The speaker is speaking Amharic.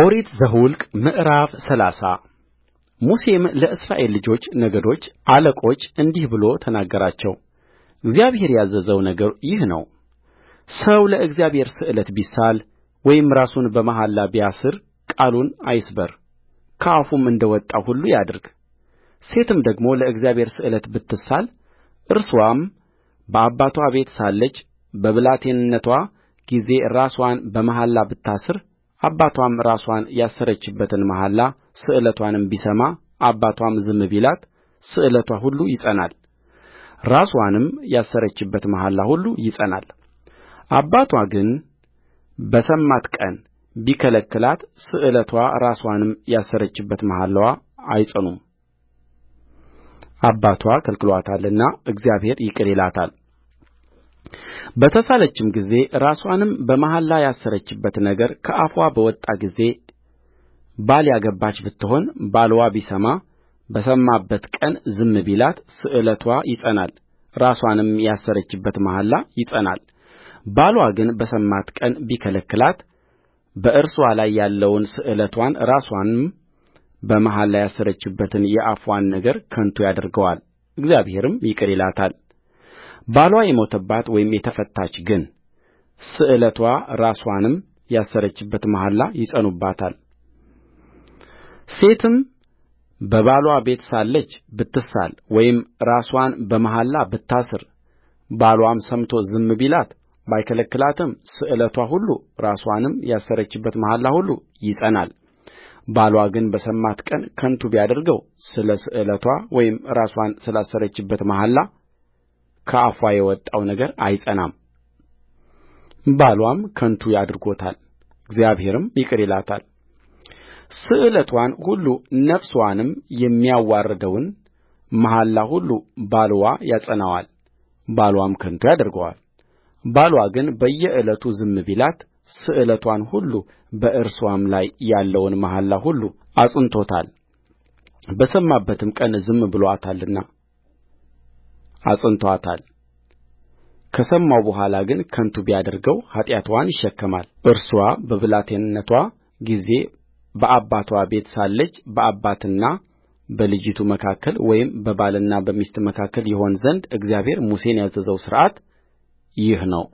ኦሪት ዘኍልቍ ምዕራፍ ሰላሳ ሙሴም ለእስራኤል ልጆች ነገዶች አለቆች እንዲህ ብሎ ተናገራቸው እግዚአብሔር ያዘዘው ነገር ይህ ነው ሰው ለእግዚአብሔር ስእለት ቢሳል ወይም ራሱን በመሐላ ቢያስር ቃሉን አይስበር ከአፉም እንደ ወጣው ሁሉ ያድርግ ሴትም ደግሞ ለእግዚአብሔር ስእለት ብትሳል እርሷም በአባቷ ቤት ሳለች በብላቴንነቷ ጊዜ ራስዋን በመሐላ ብታስር አባትዋም ራስዋን ያሰረችበትን መሐላ ስእለትዋንም ቢሰማ አባትዋም ዝም ቢላት ስእለትዋ ሁሉ ይጸናል ራስዋንም ያሰረችበት መሐላ ሁሉ ይጸናል። አባቷ ግን በሰማበት ቀን ቢከለክላት ስእለትዋ ራስዋንም ያሰረችበት መሐላዋ አይጸኑም አባቷ ከልክሎአታልና እግዚአብሔር ይቅር ይላታል በተሳለችም ጊዜ ራስዋንም በመሐላ ያሰረችበት ነገር ከአፍዋ በወጣ ጊዜ ባል ያገባች ብትሆን ባልዋ ቢሰማ በሰማበት ቀን ዝም ቢላት ስእለትዋ ይጸናል ራስዋንም ያሰረችበት መሐላ ባልዋ ግን በሰማበት ቀን ቢከለክላት በእርስዋ ላይ ያለውን ስእለትዋን ራስዋንም በመሐላ ያሰረችበትን የአፍዋን ነገር ከንቱ ያደርገዋል እግዚአብሔርም ይቅር ይላታል ባልዋ የሞተባት ወይም የተፋታች ግን ስእለትዋ ራስዋንም ያሰረችበት መሐላ ይጸኑባታልሴትም በባልዋ ቤት ሳለች ብትሳል ወይም ራስዋን በመሐላ ብታስር ባልዋም ሰምቶ ዝም ቢላት ባይከለክላትም ስዕለቷ ሁሉ ራስዋንም ያሰረችበት መሐላ ሁሉ ይጸናል። ባልዋ ግን በሰማበት ቀን ከንቱ ቢያደርገው ስለ ስእለቷ ወይም ራስዋን ስላሰረችበት መሐላ ከአፍዋ የወጣው ነገር አይጸናም ባልዋም ከንቱ አድርጎታል እግዚአብሔርም ይቅር ይላታልስእለትዋን ሁሉ ነፍስዋንም የሚያዋርደውን መሐላ ሁሉ ባልዋ ያጸናዋል ባልዋም ከንቱ ያደርገዋል ባልዋ ግን በየዕለቱ ዝም ቢላት ስዕለቷን ሁሉ በእርሷም ላይ ያለውን መሐላ ሁሉ አጽንቶታል በሰማበትም ቀን ዝም ብሎአታልና አጽንቶአታል ከሰማው በኋላ ግን ከንቱ ቢያደርገው ኃጢአትዋን ይሸከማልእርስዋ በብላቴንነትዋ ጊዜ በአባትዋ ቤት ሳለች በአባትና በልጂቱ መካከል ወይም በባልና በሚስት መካከል ይሆን ዘንድ እግዚአብሔር ሙሴን ያዘዘው ሥርዓት ይህ ነው